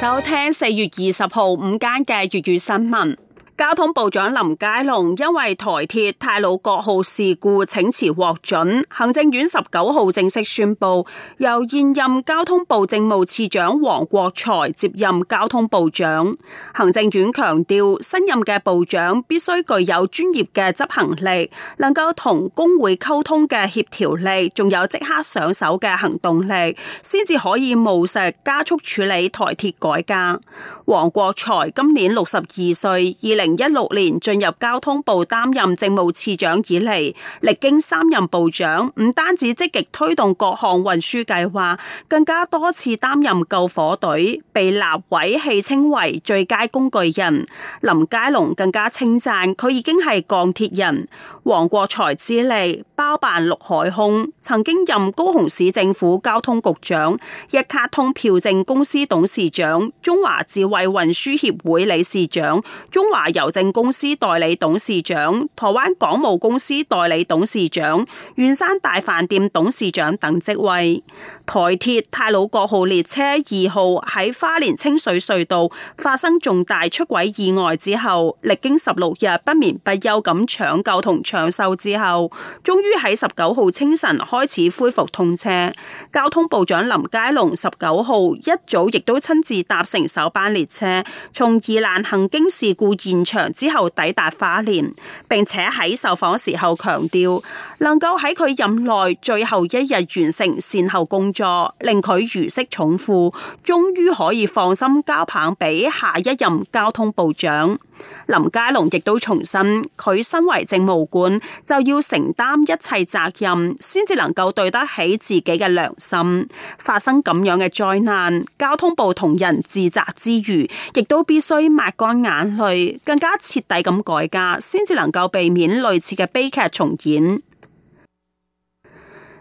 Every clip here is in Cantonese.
收聽四月二十號午間嘅粵語新聞。交通部長林佳龍因為台鐵太魯閣號事故請辭獲准，行政院十九號正式宣布由現任交通部政務次長王國材接任交通部長。行政院強調，新任嘅部長必須具有專業嘅執行力，能夠同工會溝通嘅協調力，仲有即刻上手嘅行動力，先至可以務實加速處理台鐵改革。王國材今年六十二歲，二零。一六年進入交通部擔任政務次長以嚟，歷經三任部長，唔單止積極推動各項運輸計劃，更加多次擔任救火隊，被立委戲稱為最佳工具人。林佳龍更加稱讚佢已經係鋼鐵人。王國材資歷包辦陸海空，曾經任高雄市政府交通局長、一卡通票證公司董事長、中華智慧運輸協會理事長、中華人。郵政公司代理董事長、台灣港務公司代理董事長、圓山大飯店董事長等職位。台鐵太魯閣號列車二號喺花蓮清水隧道發生重大出軌意外之後，歷經十六日不眠不休咁搶救同搶修之後，終於喺十九號清晨開始恢復通車。交通部長林佳龍十九號一早亦都親自搭乘首班列車，從宜蘭行經事故現場之後抵達花蓮，並且喺受訪時候強調，能夠喺佢任內最後一日完成善後工作，令佢如釋重負，終於可以放心交棒俾下一任交通部長林佳龍。亦都重申，佢身為政務官就要承擔一切責任，先至能夠對得起自己嘅良心。發生咁樣嘅災難，交通部同人自責之餘，亦都必須抹乾眼淚跟。徹底咁改價，先至能夠避免類似嘅悲劇重演。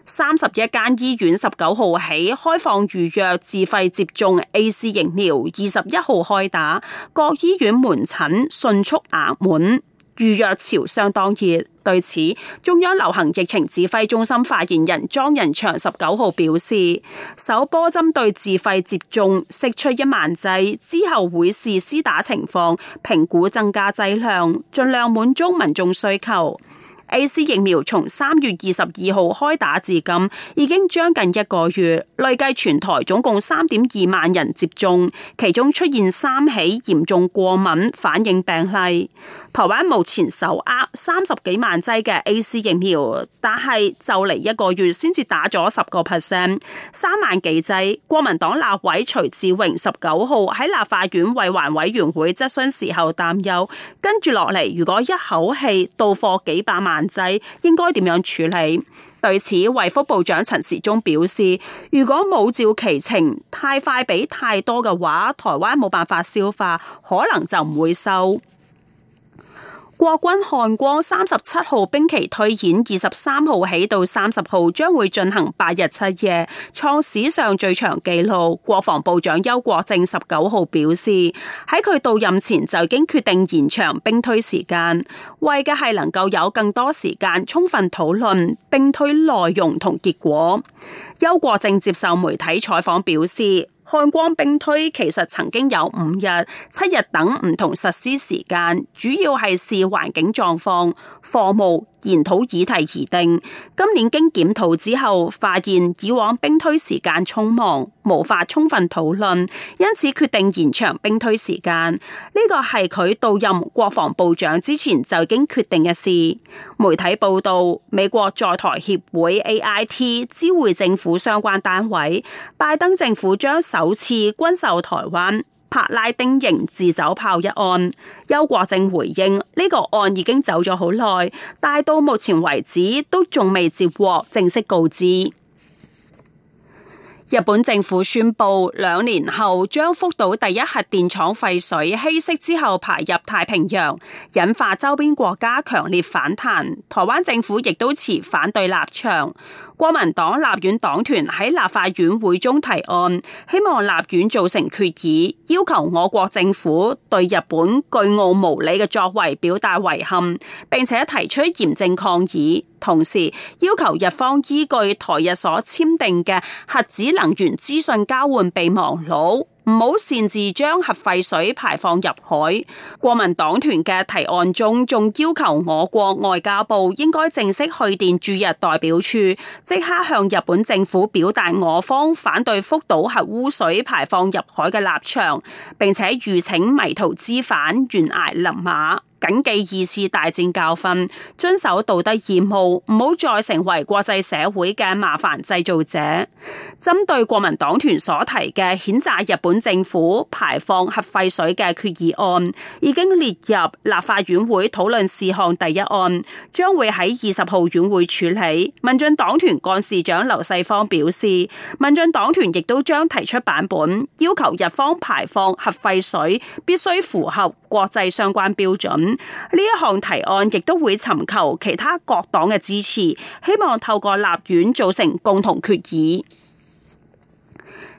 三十一間醫院十九號起開放預約自費接種 AC 疫苗，二十一號開打，各醫院門診迅速額滿。預約潮相當熱，對此中央流行疫情指揮中心發言人莊人祥十九號表示，首波針對自費接種，釋出一萬劑，之後會視施打情況評估增加劑量，盡量滿足民眾需求。A.C. 疫苗從三月二十二號開打至今，已經將近一個月，累計全台總共三點二萬人接種，其中出現三起嚴重過敏反應病例。台灣目前手握三十幾萬劑嘅 A.C. 疫苗，但係就嚟一個月先至打咗十個 percent，三萬幾劑。國民黨立委徐志榮十九號喺立法院衛環委員會質詢時候擔憂，跟住落嚟如果一口氣到貨幾百萬。人仔應該點樣處理？對此，衛福部長陳時中表示，如果冇照其情，太快俾太多嘅話，台灣冇辦法消化，可能就唔會收。國軍漢光三十七號兵棋推演，二十三號起到三十號將會進行八日七夜，創史上最長紀錄。國防部長邱國正十九號表示，喺佢到任前就已經決定延長兵推時間，為嘅係能夠有更多時間充分討論兵推內容同結果。邱國正接受媒體採訪表示。漢光兵推其實曾經有五日、七日等唔同實施時間，主要係視環境狀況貨物研討議題而定。今年經檢討之後，發現以往兵推時間匆忙，無法充分討論，因此決定延長兵推時間。呢個係佢到任國防部長之前就已經決定嘅事。媒體報道，美國在台協會 AIT 知會政府相關單位，拜登政府將首次軍售台灣。帕拉丁型自走炮一案，邱國正回應：呢、這個案已經走咗好耐，但到目前為止都仲未接獲正式告知。日本政府宣布兩年後將福島第一核電廠廢水稀釋之後排入太平洋，引發周邊國家強烈反彈。台灣政府亦都持反對立場。國民黨立院黨團喺立法院會中提案，希望立院做成決議，要求我國政府對日本倨傲無理嘅作為表達遺憾，並且提出嚴正抗議。同時要求日方依據台日所簽訂嘅核子能源資訊交換備忘錄，唔好擅自將核廢水排放入海。國民黨團嘅提案中，仲要求我國外交部應該正式去電駐日代表處，即刻向日本政府表達我方反對福島核污水排放入海嘅立場，並且預請迷途知返，懸崖勒馬。謹記二次大戰教訓，遵守道德義務，唔好再成為國際社會嘅麻煩製造者。針對國民黨團所提嘅譴責日本政府排放核廢水嘅決議案，已經列入立法院會討論事項第一案，將會喺二十號院會處理。民進黨團幹事長劉世芳表示，民進黨團亦都將提出版本，要求日方排放核廢水必須符合國際相關標準。呢一項提案亦都會尋求其他各黨嘅支持，希望透過立院組成共同決議。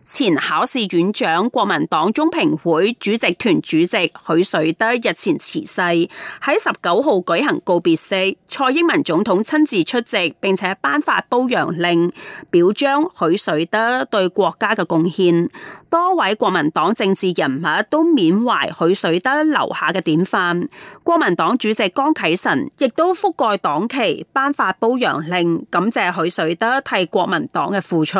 前考試院長、國民黨中評會主席團主席許水德日前辭世，喺十九號舉行告別式，蔡英文總統親自出席，並且頒發褒揚令表彰許水德對國家嘅貢獻。多位國民黨政治人物都緬懷許水德留下嘅典範。國民黨主席江啟臣亦都覆蓋黨旗頒發褒揚令，感謝許水德替國民黨嘅付出。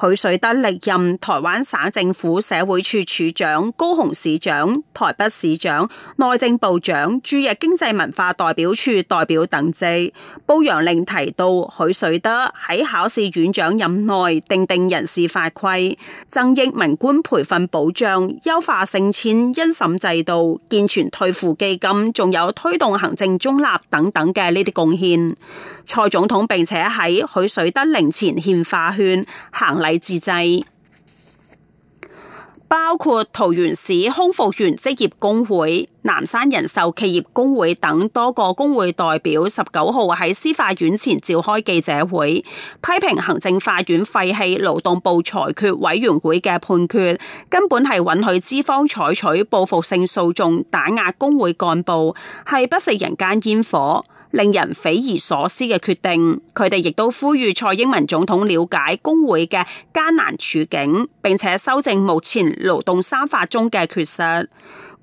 許水德歷任。台灣省政府社會處處長、高雄市長、台北市長、內政部長、駐日經濟文化代表處代表等，祭褒揚令提到許水德喺考試院長任內訂定，定人事法規，增益文官培訓保障，優化陞遷甄審制度，健全退付基金，仲有推動行政中立等等嘅呢啲貢獻。蔡總統並且喺許水德靈前獻花圈，行禮致祭。包括桃園市空服員職業工會、南山人壽企業工會等多個工會代表，十九號喺司法院前召開記者會，批評行政法院廢棄勞，勞動部裁決委員會嘅判決根本係允許資方採取報復性訴訟打壓工會幹部，係不食人間煙火。令人匪夷所思嘅決定，佢哋亦都呼籲蔡英文總統了解工會嘅艱難處境，並且修正目前勞動三法中嘅缺失。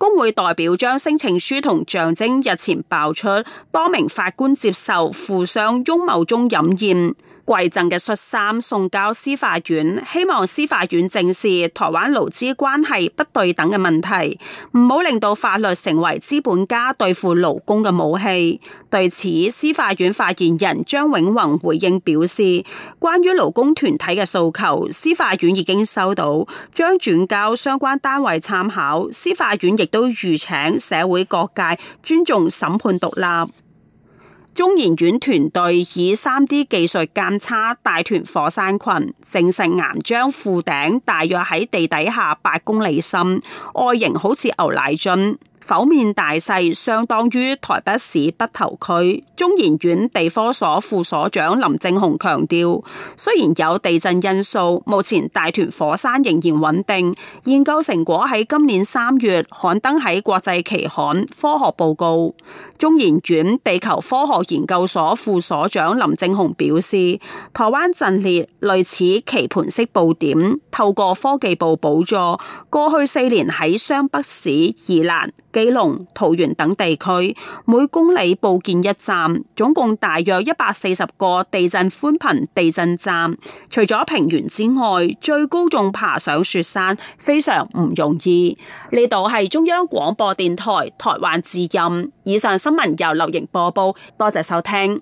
工會代表將申請書同象徵日前爆出多名法官接受富商翁茂鐘飲宴餽贈嘅恤衫送交司法院，希望司法院正視台灣勞資關係不對等嘅問題，唔好令到法律成為資本家對付勞工嘅武器。對此，司法院發言人張永宏回應表示，關於勞工團體嘅訴求，司法院已經收到，將轉交相關單位參考。司法院亦都籲請社會各界尊重審判獨立。中研院團隊以三 D 技術監測大屯火山群，證實岩漿庫頂大約喺地底下八公里深，外形好似牛奶樽。剖面大細相當於台北市北投區。中研院地科所副所長林正雄強調，雖然有地震因素，目前大屯火山仍然穩定。研究成果喺今年三月刊登喺國際期刊《科學報告》。中研院地球科學研究所副所長林正雄表示，台灣陣列類似棋盤式布點，透過科技部補助，過去四年喺雙北市宜蘭、基隆、桃園等地區，每公里布建一站，總共大約一百四十個地震寬頻地震站。除咗平原之外，最高仲爬上雪山，非常唔容易。呢度係中央廣播電台台灣之音。以上新聞由劉瑩播報，多謝收聽。